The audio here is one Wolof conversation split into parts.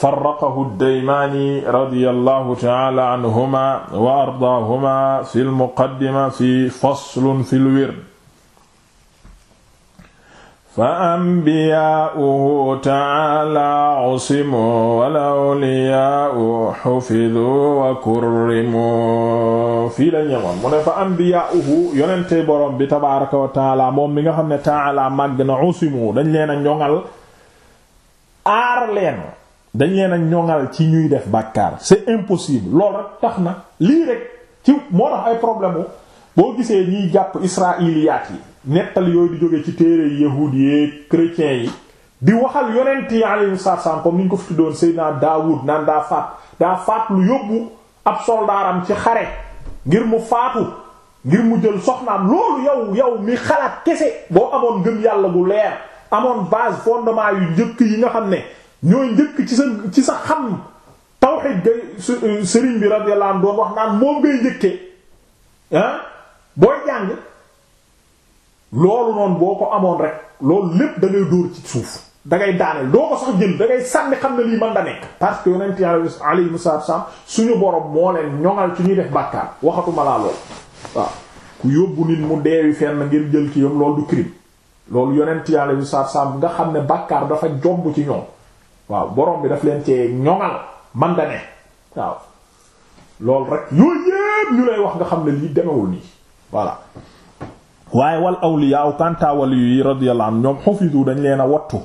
farraqahu daymaani radiyallahu ta'ala anhuma wa ardaahuma fi lmuqaddima fi faslun fi lwird fa anbiyaa'uhu ta'ala usimu wal awliyaa'u hufidu wa kurrimu fii la ñëwoon mu ne fa anbiyaa'uhu yonente boroom bi tabaaraka wa ta'ala moom mi nga xam ne ta'ala màgg na usimu dañ leen a ñoŋal aar leen dañ leen a ñoŋal ci ñuy def bàkkaar c'est impossible loolu rek tax na lii rek ci moo tax ay problème boo gisee ñiy jàpp israiliyaat yi nettal yooyu di jóge ci téere yi yahuud yi di waxal yonent yi alayhi salaam comme ni ñu ko doon tuddoon Seydina Daawud naan daa faat daa faat lu yóbbu ab soldaaram ci xare ngir mu faatu ngir mu jël soxnaam loolu yow yow mi xalaat kese boo amoon gëm yàlla bu leer amoon base fondement yu njëkk yi nga xam ne ñooy njëkk ci sa ci sa xam tawhid gay euh, sëriñ bi radiyallahu anhu doon wax naan moom ngay njëkkee ah booy jàng loolu noonu boo ko amoon rek loolu lépp da ngay dóor ci suuf da daaneel doo ko sax jël da sànni xam ne lii man da nekk parce que yonent Yàlla alayhi salaam suñu borom moo leen ñoŋal ci ñuy def bàkkaar waxatuma laa lool waaw ku yóbbu nit mu deewi fenn ngir jël ci yom loolu du crime loolu yonent Yàlla alayhi salaam nga xam ne bàkkaar dafa jomb ci ñoom waaw borom bi daf leen cee ñoŋal man da ne waaw loolu rek yooyu yépp ñu lay wax nga xam ne lii demewul nii voilà waaye wal awliya kanta wali yi radiyallahu anhum ñoom xufidu dañ leen a wattu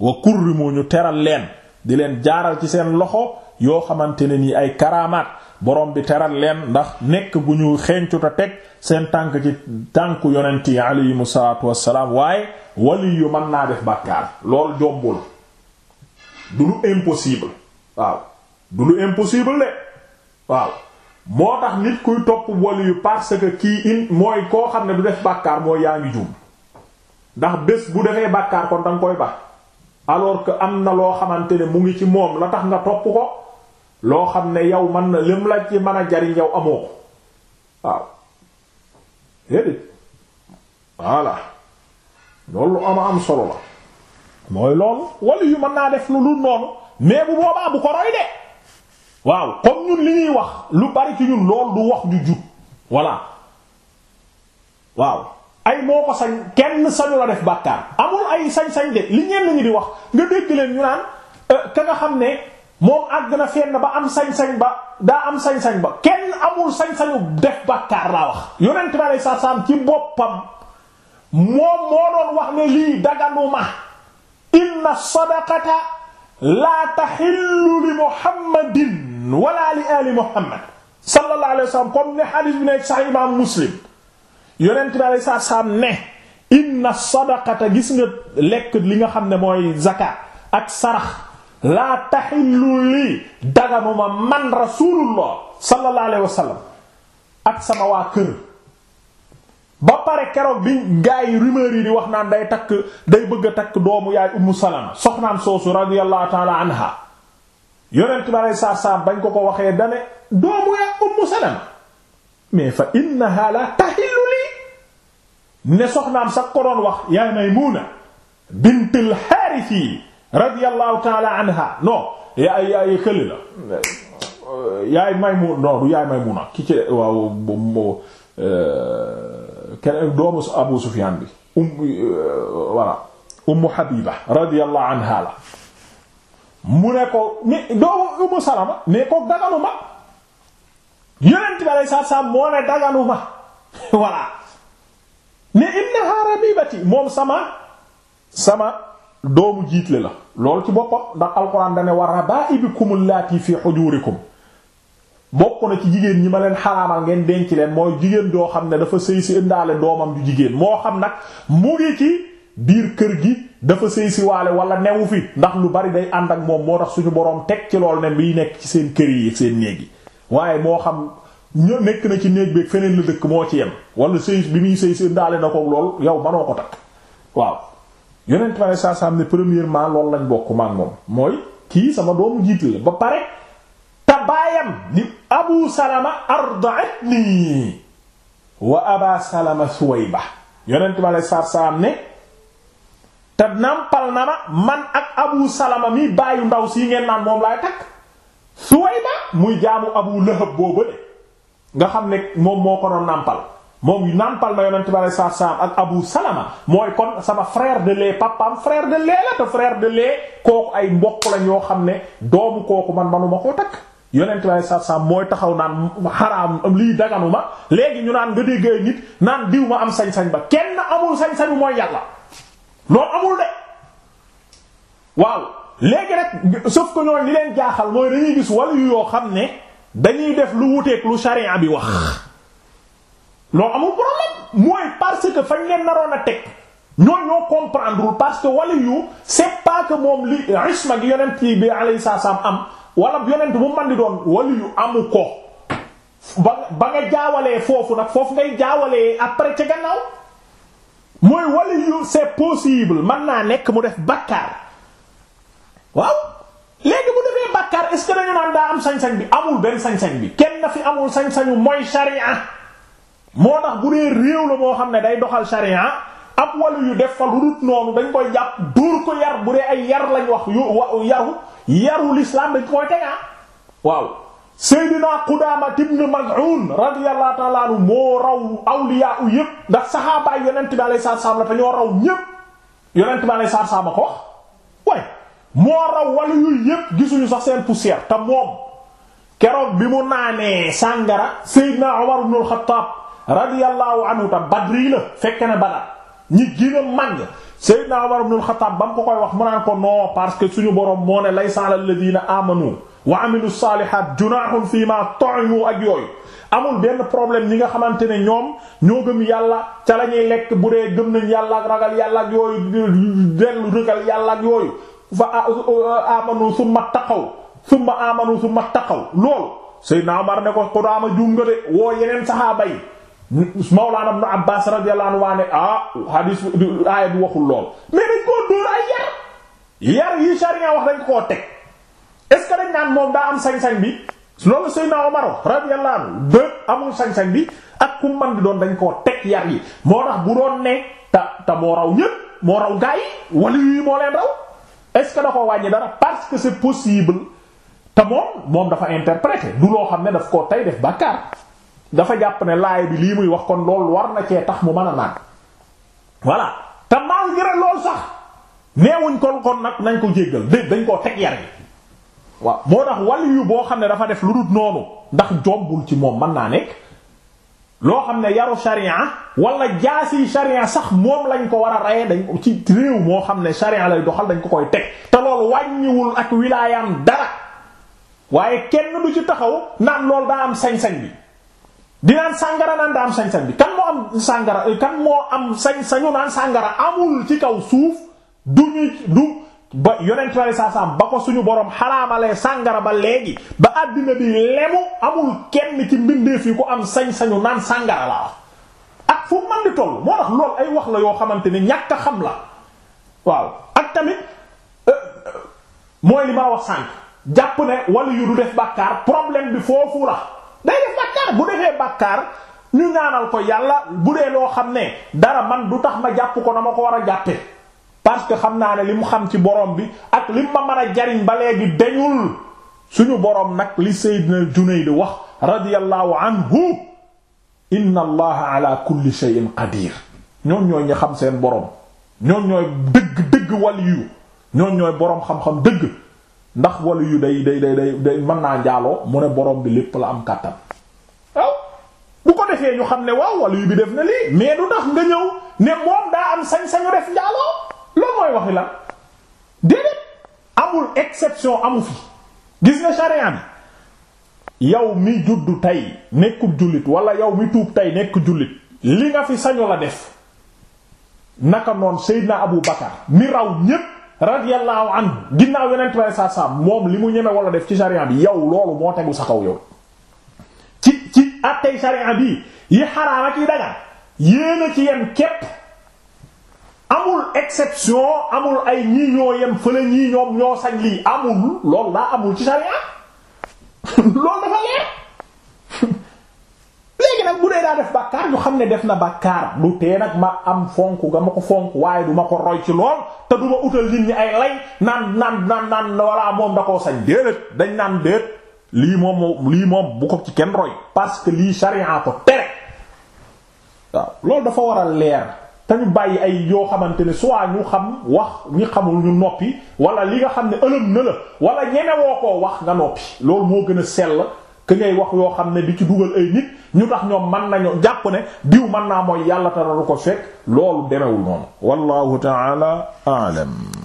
wa kurrimu ñu teral leen di leen jaaral ci seen loxo yoo xamante ne nii ay karaamaat borom bi teral leen ndax nekk gu ñu xencu ta teg seen tànk ci tànk yonent yi aleyhimu salaatu wassalaam waaye wali yu mën naa def bàkkaar lool jombul du lu impossible waaw du lu impossible de waaw moo tax nit kuy topp wàll yu parce que kii in mooy koo xam ne du def bàkkaar mooy yaa ngi juum ndax bés bu defee bàkkaar kon danga koy bax alors que am na loo xamante ne mu ngi ci moom la tax nga topp ko loo xam ne yow man na lim la ci mën a jariñ yow amoo ko waaw déedéet voilà loolu ama am solo la mooy loolu walla yu mën naa def lu lu noonu mais bu boobaa bu ko roy de waaw comme ñun li ñuy wax lu bari ci ñun loolu du wax ju jub voilà waaw ay moo ko sañ kenn sañu la def bàkkaar amul ay sañ-sañ de li ñenn ñi di wax nga dégg leen ñu naan euh, ka nga xam ne moom àgg na fenn ba am sañ-sañ ba daa am sañ-sañ ba kenn amul sañ-sañu def bàkkaar laa wax yonent bi aleyhi salaam ci boppam moom moo doon wax ne lii daganu inna sadaqata laa taxillu li muhammadin wala li ali muhammad sallallahu alayhi wa sallam comme ne bi nekk sax imaam muslim yonent bi alayhi salaam ne inna sadaqata gis nga lekk li nga xam ne mooy zakat ak sarax laa taxillu lii daganuma man rasulullah sallallahu alayhi wa ak sama waa kër ba pare keroog bi gaa yi rumeur di wax naan day takk day bëgg a takk doomu yaay ummu salama soxnaam soosu radiyallahu taala anha yonent bi saa saa bañ ko ko waxee dane doomu yaay ummu salama mais fa innaha la tahillu lii ne soxnaam sax ko doon wax yaay maymuna bintul xaaris yi radiyallahu taala anha non yaay yaay xëli la yaay maymuna non yaay maymuna ki ci waaw euh, keneen doomu Abu Sufyaan bi um euh, voilà Ummu Habiba radiyallahu anha mu ne ko ni doomu umm Salama ne ko daganu ma yonent bi alayhi salaam moo ne daganu ma rabibati moom sama sama doomu jiitle la loolu ci boppam ndax alxuraan dane wa rabaa'ibukum allati fi hujurikum bokk na ci jigéen ñi ma leen xaraamal ngeen denc leen mooy jigéen joo xam ne dafa sëy si indaale doomam ju jigéen moo xam nag mu ngi ci biir kër gi dafa sëy si waale wala newu fi ndax lu bari day ànd ak moom moo tax suñu boroom teg ci lool ne biy nekk ci seen kër yi seen néeg yi waaye moo xam ño nekk na ci néeg beeg feneen la dëkk moo ci yem wala sëy bi muy sëy si indaale na ko lool yow manoo ko takk waaw yonent ma ne saa saa ne premièrement loolu lañ bokk moom mooy kii sama doomu jiit la ba baayam di abu salama arda'atni wa aba salama suwayba yonent ma lay saar ne te nampal na ma man ak abu salama mi baayu ndaw sii ngeen naan moom laay takk suwayba muy jaamu abu lahab boobu de nga xam ne moom moo ko nàmpal nampal moom nàmpal na yonent ma lay saar saam ak abu salama mooy kon sama frère de lait papam frère de lait la te frère de lait kooku ay mbokk la ñoo xam ne doomu kooku man manuma koo takk yonent lay sarsam mooy taxaw naan xaraam lii daganu ma léegi ñu naan nga déggee nit naan diw ma am sañ-sañ ba kenn amul sañ-sañu mooy yàlla loo amul de waaw léegi rek sauf que ñooñu li leen jaaxal mooy dañuy gis wàllu yoo xam ne dañuy def lu wuteeg lu sharia bi wax loo amul problème mooy parce que fañ leen naroon a teg ñooñu ñoo comprendrewul parce que wàllu yu c'est pas que moom li isma gi yonent bi alayhi salaam am. wala yonent bu man di doon waliyu amu ko ba ba nga jaawalee foofu nag foofu ngay jaawalee après ca gannaaw mooy waliyu c'est possible man naa nekk mu def bàkkaar waaw léegi bu defee bàkkaar est-ce dañu naan daa am sañ-sañ bi amul benn sañ-sañ bi kenn na fi amul sañ-sañu mooy sharia moo tax bu dee réew la moo xam ne day doxal sharia ab waliyu def fa lu noonu dañ koy jàpp dóor ko yar bu dee ay yar lañ wax yu yaru yaru l'islam dañ koy tegaa waaw Seydina Qudaama ibn Maz'un radiyallahu ta'ala anhu moo raw awliya u yépp saxaabaay yonent bi alayhi salaam la te ñoo raw ñépp yonent bi alayhi salaam a ko wax waaye moo raw wala yu gisuñu sax seen poussière te moom keroog bi mu naanee sàngara Seydina Umar ibn al-Khattab radiyallahu anhu Badri la fekk na Badar ñi gën a màgg Seydina Umar ibn al-Khattab ba mu ko koy wax mu naan ko non parce que suñu borom moo ne laysa alal ladina amanu wa amilu salihat junahun fi ma ta'imu ak yooyu amul benn problème ñi nga xamante ne ñoom ñoo gëm yàlla ca la ñuy lekk bu dee gëm nañ yàlla ak ragal yàlla ak yooyu dellu ragal yàlla ak yooyu fa amanu summa taqaw summa amanu summa taqaw loolu Seydina Umar ne ko ko daama juum nga de woo yeneen saxaaba yi Mawlaana Ibn Abbaas radiyallahu anhu waane ah hadis aaya bi waxul lool mais dañ yar yi sharia wax dañ koo teg est ce que dañ naan moom am sañ-sañ bi loolu Seydina Omar radiyallahu anhu de amul bi ak ku man doon dañ koo teg yar yi moo tax bu doon ne te te moo raw ñëpp moo raw gaa yi wala yii moo leen raw que da ko wàññi te moom moom dafa interpréter du loo xam ne daf koo tey def bàkkaar dafa jàpp ne laay bi lii muy wax kon loolu war na cee tax mu mën a naan voilà te malgré loolu sax neewuñ kon kon nag nañ ko jéggal dé dañ koo teg yar yi waaw moo tax wàllu yu boo xam ne dafa def lu dul noonu ndax jombul ci moom mën naa nekk loo xam ne yaru sharia wala jaasi sharia sax moom lañ ko war a reye dañ ci réew moo xam ne sharia lay doxal dañ ko koy teg te loolu wàññiwul ak wilaayam dara waaye kenn du ci taxaw naan loolu daa am sañ bi di naan sàngara naan da am sañ-sañ bi kan moo am sàngara euh, kan moo am sañ-sañu naan sàngara amul ci kaw suuf du ñu du ba yonent bi saa saam ba ko suñu borom xaraamalee sàngara ba léegi ba àddina bi lemu amul kenn ci mbindeef yi ko am sañ-sañu naan sàngara la wax ak fu man di toll moo tax lool ay wax la yoo xamante ni ñàkk xam la waaw ak tamit euh, euh, mooy li ma wax sànk jàpp ne wala yu du def bàkkaar problème bi foofu la bu defee bàkkaar ñu ñaanal ko yàlla bu dee loo xam ne dara man du tax ma jàpp ko na ma ko war a jàppe parce que xam naa ne li mu xam ci borom bi ak li ma mën a jariñ ba léegi dañul suñu borom nag li Seydina Junayd wax radiyallahu anhu inna allaha ala kulli shay'in qadir ñoom ñooy ñi xam seen borom ñoom ñooy dëgg dëgg waliyu ñoom ñooy borom xam-xam dëgg ndax waliyu day day day day mën naa njaaloo mu ne borom bi lépp la am kàttan defee ñu xam ne waaw waliyu bi def na lii mais du tax nga ñëw ne moom daa am sañ-sañu def njaaloo loolu mooy waxi la déedéet amul exception amu fi gis nga sharia bi yow mi juddu tey nekkub jullit wala yow mi tuub tey nekk jullit li nga fi sañu la def naka noon Seydina Abu Bakar mi raw ñépp radiyallahu anhu ginnaaw yonent bi sallallahu alayhi wasallam moom li mu ñeme wala def ci sharia bi yow loolu moo tegu sa kaw yow attey sharia bi yi xaraam yi dagan yéena ci yem képp amul exception amul ay ñii ñoo yem fële ñii ñoom ñoo sañ lii amul loolu daa amul ci sharia loolu dafa leer léegi nag bu dee daa def bàkkaar ñu xam ne def na bàkkaar du tee nag ma am fonk nga ma ko fonk waaye du ma ko roy ci lool te du ma utal nit ñi ay lay naan naan naan naan walla moom da koo sañ déedéet dañ naan déet lii moom lii moom bu ko ci kenn roy parce que lii sharia ko tere waaw loolu dafa war a leer te ñu bàyyi ay yoo xamante ne soit ñu xam wax ñi xamul ñu noppi wala li nga xam ne ëlëm na la wala ñemewoo koo wax nga noppi loolu moo gën a sell que ngay wax yoo xam ne di ci dugal ay nit ñu tax ñoom man nañu jàpp ne diw man naa mooy yàlla tararu ko fekk loolu demewul noonu wallahu ta'ala a'lam